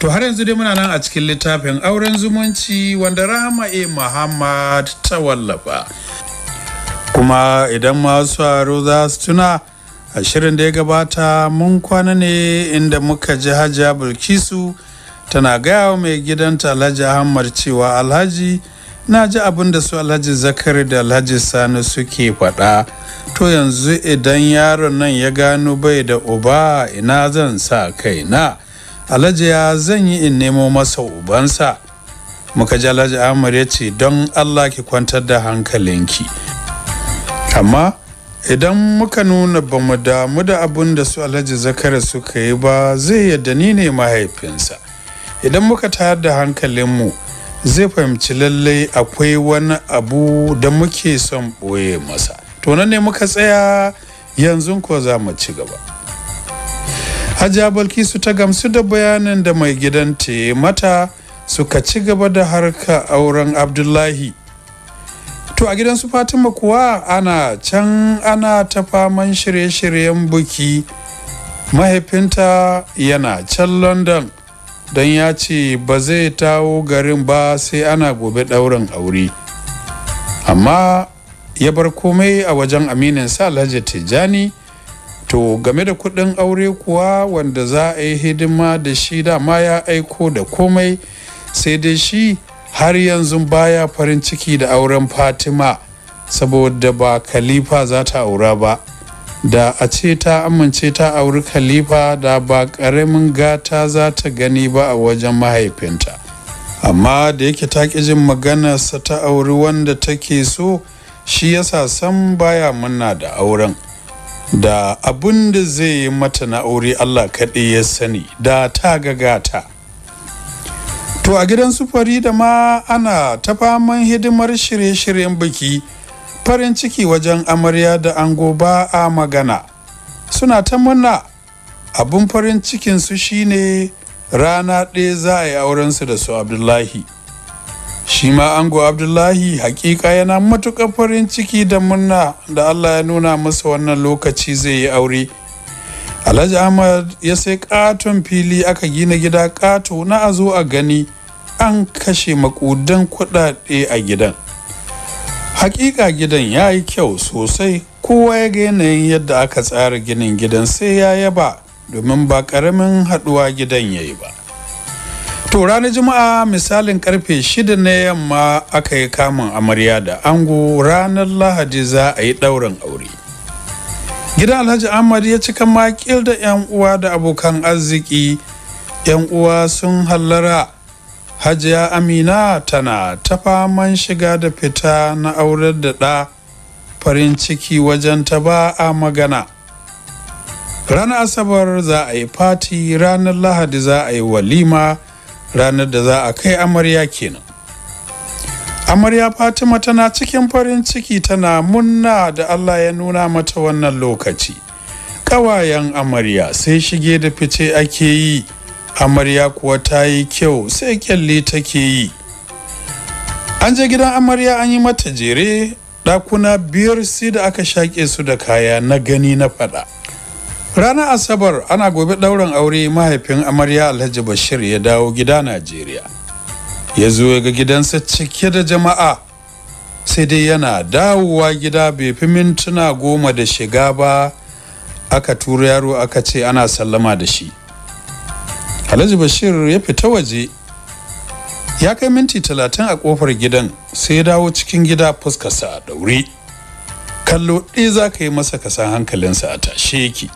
To har yanzu dai muna nan a cikin littafin auren zumunci wanda Rahama E. Muhammad ta wallafa. Kuma idan masu haro za su tuna a shirin da ya gabata mun kwana ne inda muka ji Hajiya Bilkisu tana gaya wa mai gidanta Alhaji Ahmad cewa Alhaji na ji abin da su Alhaji Zakari da Alhaji Sani suke faɗa. To yanzu idan yaron nan ya gano bai da uba ina zan sa kaina. na. alhaji zan yi in nemo masa ubansa muka ji alhaji amur ya ce don allah ki kwantar da hankalinki amma idan muka nuna ba mu damu da abin da su alhaji zakara suka yi ba zai yadda ni ne mahaifinsa idan muka tayar da hankalinmu zai fahimci lallai akwai wani abu da muke son ɓoye masa to nan ne muka tsaya yanzu ko za mu ci gaba hajiya balkisu ta gamsu da bayanin da mai gidanta mata suka ci gaba da harka auren abdullahi to a gidan su fatima kuwa ana can ana ta faman shirye-shiryen buki mahaifinta yana can london don ya ce ba zai tawo garin ba sai ana gobe ɗaurin aure amma ya bar komai a wajen aminin sa alhaji tijjani to game da kudin aure kuwa wanda za a yi hidima da shi ma ya aiko da komai sai dai shi har yanzu baya farin ciki da auren fatima saboda ba khalifa za ta aura ba da a ce ta amince ta auri khalifa da ba ƙaramin gata za ta gani ba a wajen mahaifinta amma da yake ta jin maganarsa ta auri wanda take so shi yasa san baya muna da auren da abin da zai yi mata na aure Allah kaɗai ya sani da ta gagata to a gidan su da ma ana ta faman hidimar shirye-shiryen biki farin ciki wajen amarya da ango ba a magana suna ta murna abun farin cikinsu shine rana ɗaya za a yi aurensu da su abdullahi shi ma ango abdullahi hakika yana matuƙar farin ciki da murna da allah ya nuna masa wannan lokaci zai yi aure alhaji ahmad ya sai katon fili aka gina gida kato na a zo a gani an kashe makudan kuɗaɗe a gidan hakika gidan ya yi kyau sosai kowa ya ga yanayin yadda aka tsara ginin gidan sai ya yaba domin ba karamin haɗuwa gidan ya yi ba to ranar juma'a misalin karfe shida na yamma aka yi kamun amarya da ango ranar lahadi za a yi ɗaurin aure gidan alhaji ahmad ya cika makil da yan uwa da abokan arziki yan uwa sun hallara hajiya amina tana ta faman shiga da fita na aurar da ɗa farin ciki wajen ta ba a magana ranar asabar za a yi fati ranar lahadi za a yi walima ranar da za a kai amarya kenan amarya fatima tana cikin farin ciki tana munna da allah ya nuna mata wannan lokaci ƙawayen amarya sai shige da fice ake yi amarya kuwa ta yi kyau sai kyalle take yi an je gidan amarya an yi mata jere ɗakuna biyar sai da aka shaƙe su da kaya na gani na faɗa ranar asabar ana gobe ɗaurin aure mahaifin amarya alhaji bashir ya dawo gida najeriya ya zo ya ga gidansa cike da jama'a sai dai yana dawowa gida bai fi mintuna goma da shiga ba aka tura yaro aka ce ana sallama da shi alhaji bashir ya fita waje ya kai minti talatin a kofar gidan sai ya dawo cikin gida fuskarsa a ɗaure. kallo ɗaya za ka yi masa kasan hankalinsa a tashe yake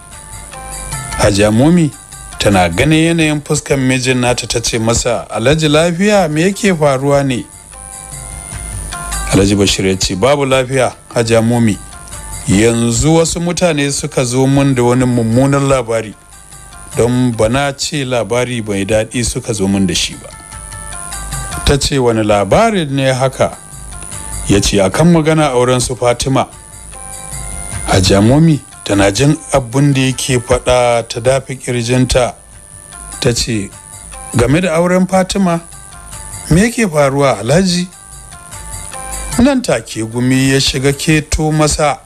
hajiya momi tana ganin yanayin fuskan mijin nata ta ce masa alhaji lafiya me yake faruwa ne alhaji bashir ya ce babu lafiya hajiya momi yanzu wasu mutane suka zo mun da wani mummunan labari don bana ce labari bai daɗi suka zo mun da shi ba ta ce wani labari ne haka ya ce a magana auren su fatima hajiya momi tana jin abun da yake faɗa ta dafi kirjinta ta ce game da auren fatima me yake faruwa alhaji nan take gumi ya shiga keto masa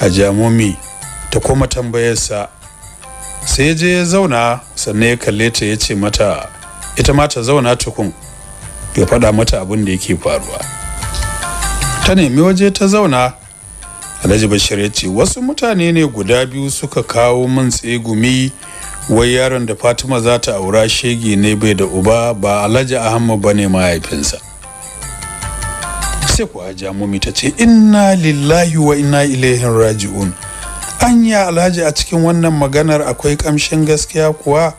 hajamomi ta kuma tambayarsa sai je ya zauna sannan ya kalle ta yace mata ita ma ta zauna tukun ya faɗa mata abin da yake faruwa ta nemi waje ta zauna alhaji bashir ya ce wasu mutane ne guda biyu suka kawo min tsegumi wai yaron da fatima za ta aura shege ne bai da uba ba alhaji ahmad bane ne mahaifinsa sai kuwa jamumi ta ce inna lillahi wa inna ilaihin raji'un anya alhaji a cikin wannan maganar akwai kamshin gaskiya kuwa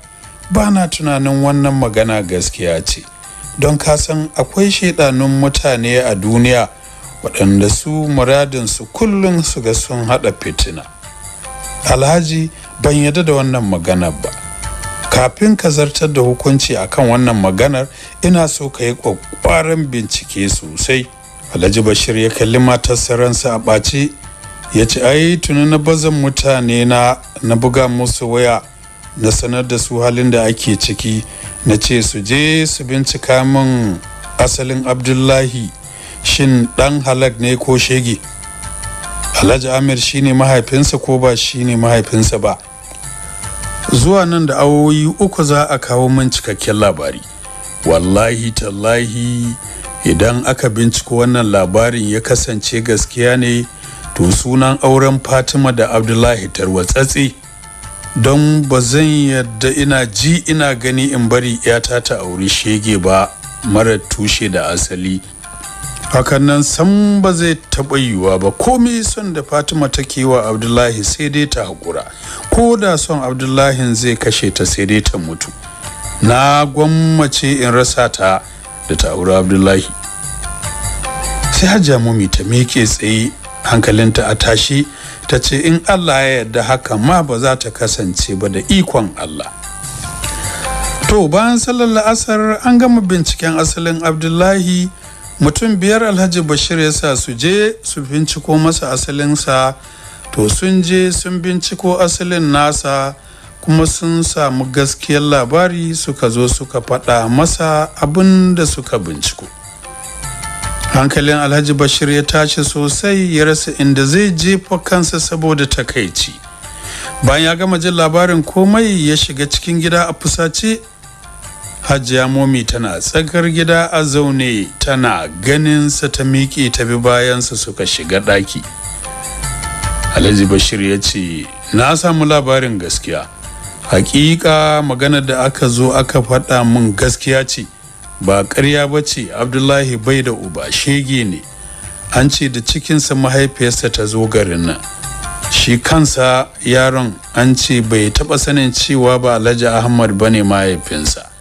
ba na tunanin wannan magana gaskiya ce don kasan akwai shaidanun mutane a duniya waɗanda su muradinsu kullum su ga sun haɗa fitina alhaji ban yadda da wannan maganar ba kafin ka zartar da hukunci akan wannan maganar ina so ka yi ƙwaƙwaran bincike sosai alhaji bashir ya kalli matar saransa a ɓaci ya ce ai tuni na bazan mutane na na buga musu waya na sanar da su halin da ake ciki na ce su je su bincika min asalin abdullahi shin dan halak ne ko shege alhaji amir shine mahaifinsa ko ba shine mahaifinsa ba zuwa nan da awoyi uku za a kawo min cikakken labari wallahi tallahi idan aka binciko wannan labarin ya kasance gaskiya ne to sunan auren fatima da abdullahi tarwatsatse don ba zan yadda ina ji ina gani in bari 'yata ta auri shege ba mara tushe da asali hakan nan san ba zai taɓa yiwuwa ba komai son da fatima take wa abdullahi sai dai ta haƙura ko da son Abdullahi zai kashe ta sai dai ta mutu na gwammace in rasa ta da ta abdullahi sai hajja mumi ta meke tsaye hankalinta a tashi ta ce in allah ya yarda haka ma ba za ta kasance ba da ikon allah to bayan sallar la'asar an gama binciken asalin abdullahi mutum biyar alhaji bashir ya sa su je su binciko masa asalinsa to sun je sun binciko asalin nasa kuma sun samu gaskiyar labari suka zo suka faɗa masa abin da suka binciko hankalin alhaji bashir ya tashi sosai ya rasa inda zai jefa kansa saboda takaici bayan ya gama jin labarin komai ya shiga cikin gida a fusace hajiya momi tana tsakar gida a zaune tana ganin sa ta miƙe ta bi bayansa suka shiga ɗaki alhaji bashir ya ce na samu labarin gaskiya hakika magana da aka zo aka faɗa min gaskiya ce ba ƙarya ba ce abdullahi bai da uba shege ne an ce da cikinsa mahaifiyarsa ta zo garin nan shi kansa yaron an ce bai taɓa sanin cewa ba alhaji ahmad ba ne mahaifinsa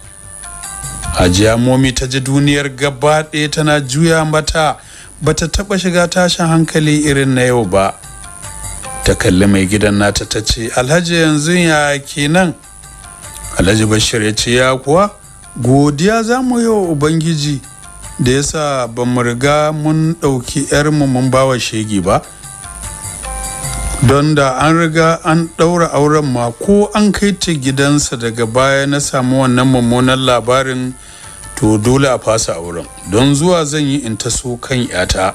hajiya momi ta ji duniyar gaba ɗaya tana juya mata bata taɓa shiga tashin hankali irin na yau ba ta kalli mai gidan nata ta ce alhaji yanzu ya kenan alhaji bashir ya ce ya kuwa godiya za mu yi wa ubangiji da ya sa ba mu riga mun ɗauki mu mun bawa shegi ba don da an riga an ɗaura auren ma ko an kai ta gidansa daga baya na samu wannan mummunan labarin to dole a fasa auren don zuwa zan yi in ta so kan yata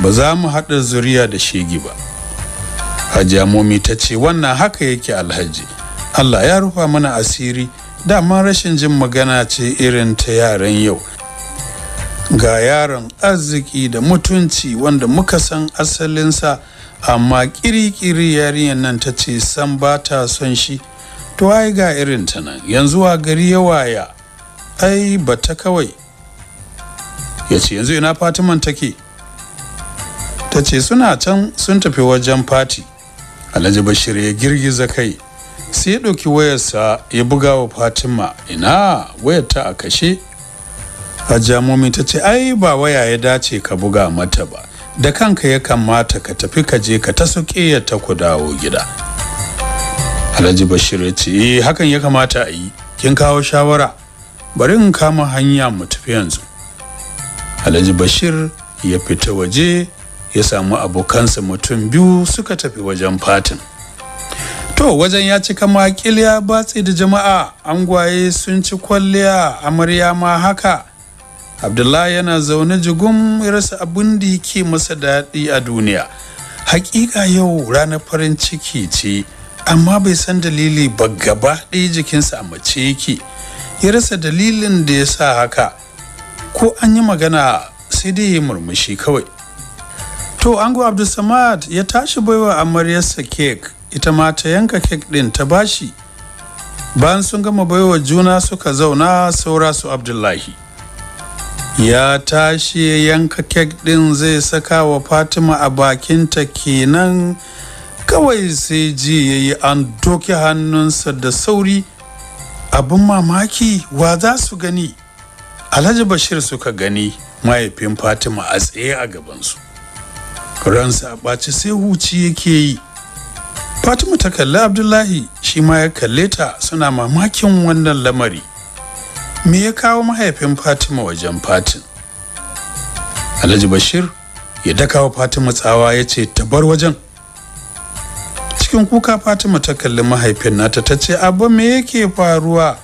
ba za mu haɗa zuriya da shegi ba hajjamomi ta ce wannan haka yake alhaji allah ya rufa mana asiri dama rashin jin magana ce irin ta yaran yau ga yaron arziki da mutunci wanda muka san asalinsa amma kirikiri yarinyar nan ta ce san ba ta son shi to ai ga irin ta nan yanzu a gari ya waya ai ba ta kawai ya ce yanzu ina fatiman take ta ce suna can sun tafi wajen fati alhaji bashir ya girgiza kai sai ya ɗauki wayarsa ya buga wa fatima ina wayar ta a kashe hajjamomi ta ce ai ba waya ya dace ka buga mata ba da kanka ya kamata ka tafi ka je ka ta suke ya ta ku dawo gida alhaji bashir ya ce eh, hakan ya kamata a yi kin kawo shawara bari in kama hanya mu tafi yanzu alhaji bashir ya fita waje ya samu abokansa mutum biyu suka tafi wajen fatin to wajen ya cika makil ya batse da jama'a angwaye sun ci kwalliya amarya ma haka abdullahi yana zaune jigum rasa abin da yake masa daɗi a duniya hakika yau ranar farin ciki ce amma bai san dalili ba gaba ɗaya jikinsa a mace yake ya rasa dalilin da ya sa haka ko an yi magana sai dai ya murmushi kawai to ango abdulsamad ya tashi baiwa amaryarsa kek ita ma ta yanka kek din ta bashi bayan sun gama baiwa juna suka zauna saura su abdullahi ya tashi yanka kek din zai saka wa fatima a bakinta kenan kawai sai ji ya yi an doke hannunsa da sauri abin mamaki wa za su gani alhaji bashir suka gani mahaifin fatima a tsaye a gabansu ransa a ɓaci sai huci yake yi fatima ta kalli abdullahi shi ma ya kalle ta suna mamakin wannan lamari me ya kawo mahaifin fatima wajen fatin alhaji bashir ya dakawa fatima tsawa ya ce ta bar wajen cikin kuka fatima ta kalli mahaifin nata ta ce abu me yake faruwa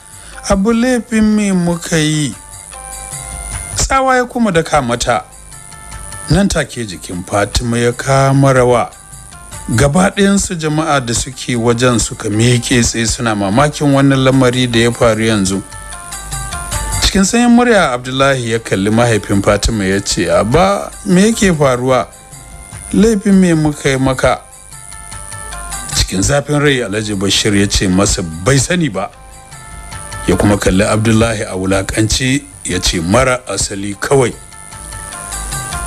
abu laifin me muka yi tsawa ya kuma da kamata nan take jikin fatima ya kama rawa gabaɗayansu jama'a da suke wajen suka miƙe tsaye suna mamakin wannan lamari da ya faru yanzu cikin sanyin murya abdullahi ya kalli mahaifin fatima ya ce ba me yake faruwa laifin me muka yi maka cikin zafin rai alhaji bashir ya ce masa bai sani ba ya kuma kalli abdullahi a wulakanci ya ce mara asali kawai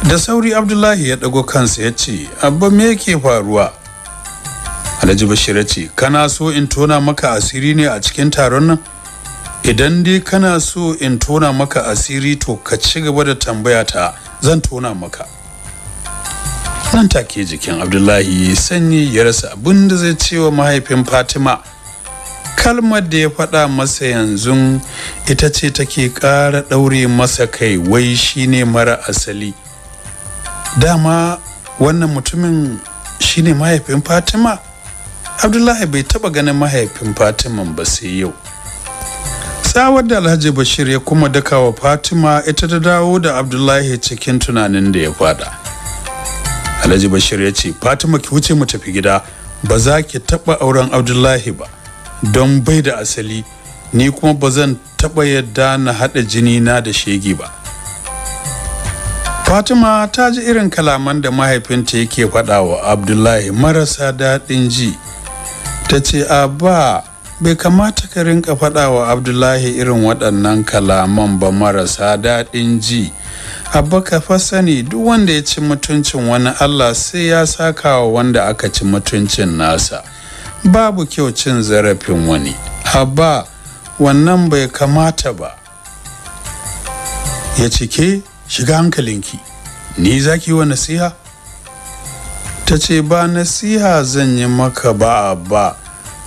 da sauri abdullahi ya ɗago kansa ya ce abba me yake faruwa alhaji bashir ya ce kana so in tona maka asiri ne a cikin taron nan idan dai kana so in tona maka asiri to ka ci gaba da tambaya ta zan tona maka nan ke jikin abdullahi sanyi ya rasa abin da zai ce wa mahaifin fatima kalmar da ya faɗa masa yanzu ita ce take ƙara ɗaure masa kai wai shine mara asali dama wannan mutumin shine mahaifin fatima abdullahi bai taɓa ganin mahaifin fatima ba sai yau tsawar da alhaji bashir ya kuma dakawa fatima ita ta dawo da abdullahi cikin tunanin da ya faɗa alhaji bashir ya ce fatima ki wuce mu tafi gida ba za ki taɓa auren abdullahi ba don bai da asali ni kuma ba zan taɓa yadda na haɗa jini na da shegi ba fatima ta ji irin kalaman da mahaifinta yake faɗa wa abdullahi marasa daɗin ji ta ce a ba bai kamata ka rinka faɗa wa abdullahi irin waɗannan kalaman ba marasa daɗin ji abba ka fa sani duk wanda ya ci mutuncin wani allah sai ya saka wa wanda aka ci mutuncin nasa babu kyau cin zarafin wani abba wannan bai kamata ba ya cike shiga hankalinki ni zaki wa nasiha ta ce ba nasiha zan yi maka ba Abba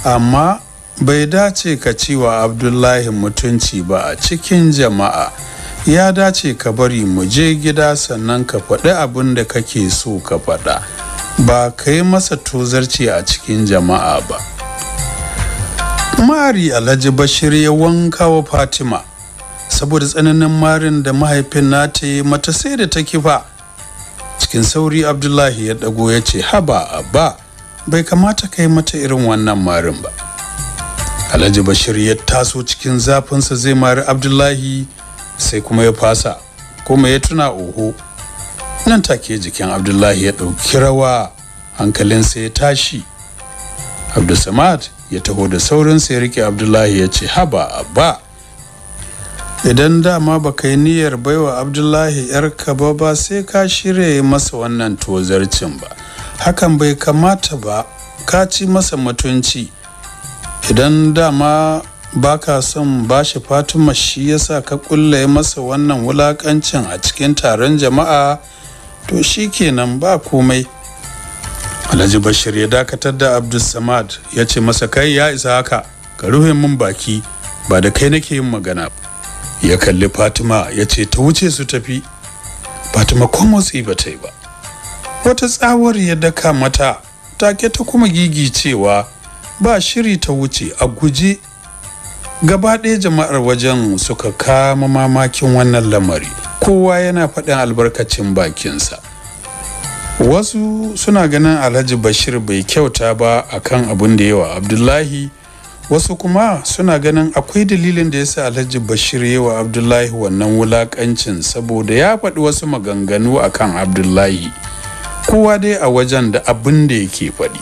amma bai dace ka ciwa abdullahi mutunci ba a cikin jama'a ya dace ka bari mu je gida sannan ka faɗi abin da kake so ka faɗa ba ka yi masa tozarci a cikin jama'a ba mari alhaji bashir ya wanka wa fatima saboda tsananin marin da mahaifin nata yi mata sai da ta kifa cikin sauri abdullahi ya ɗago ya ce haba ba bai kamata ka yi mata irin wannan marin ba alhaji bashir ya taso cikin zafinsa zai mari abdullahi sai kuma ya fasa kuma ya tuna oho nan take jikin abdullahi ya ɗauki rawa hankalinsa ya tashi abdulsamad ya taho da saurinsa ya rike abdullahi ya ce haba ba idan dama ba yi niyyar baiwa abdullahi yarka ba ba sai ka shirya masa wannan tozarcin ba hakan bai kamata ba ka ci masa mutunci idan dama Baka son bashi fatima shi yasa ka kulle masa wannan wulakancin a cikin taron jama'a to shi kenan ba komai alhaji bashir ya dakatar da abdulsamad ya ce masa kai ya isa haka ka rufe min baki ba da kai nake yin magana ya kalli fatima ya ce ta wuce su tafi fatima ko motsi ba ta yi ba wata tsawar ya daka mata take ta kuma gigicewa ba shiri ta wuce a guje gaba ɗaya jama'ar wajen suka kama mamakin wannan lamari kowa yana faɗin albarkacin bakinsa wasu suna ganin alhaji bashir bai kyauta ba akan abin da yawa abdullahi wasu kuma suna ganin akwai dalilin da ya sa alhaji bashir yawa abdullahi wannan wulakancin saboda ya faɗi wasu maganganu akan abdullahi kowa dai a wajen da abin da yake faɗi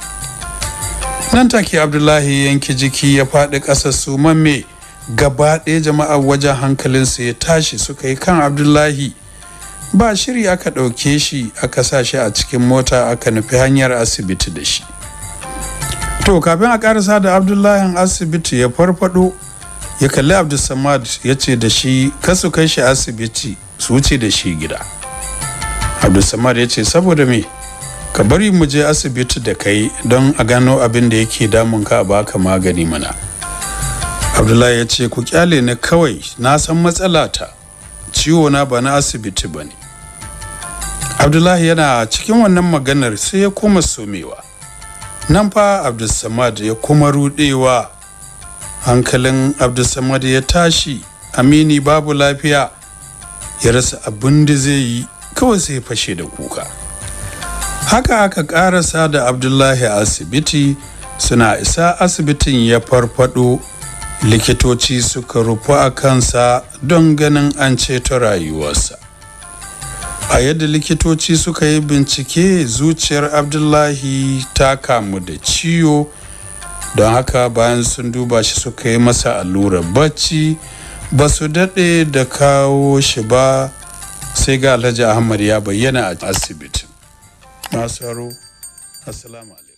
nan take abdullahi yanki jiki ya faɗi ƙasa su mamme gaba ɗaya jama'a wajen hankalinsu ya tashi suka yi kan abdullahi ba shiri aka ɗauke shi aka sa shi a cikin mota aka nufi hanyar asibiti da shi to kafin a ƙara da abdullahi asibiti ya farfado ya kalli abdulsamad ya ce da shi kasu kai shi asibiti su wuce da shi gida abdulsamad ya ce saboda me ka bari mu je asibiti da kai don a gano abin da yake damun ka ba ka magani mana abdullahi ya ce ku kyale ni kawai na san matsalata ciwo na ba na asibiti ba ne abdullahi yana cikin wannan maganar sai ya kuma somewa nan fa abdulsamad ya kuma rudewa hankalin abdulsamad ya tashi amini babu lafiya ya rasa abin da zai yi kawai sai fashe da kuka haka aka karasa da abdullahi asibiti suna isa asibitin ya farfado likitoci suka rufu a kansa don ganin an ceto rayuwarsa a yadda likitoci suka yi bincike zuciyar abdullahi ta kamu da ciwo don haka bayan sun duba shi suka yi masa allurar bacci ba su daɗe da kawo shi ba sai ga alhaji ahmad ya bayyana a asibitin. masu haro assalamu alaikum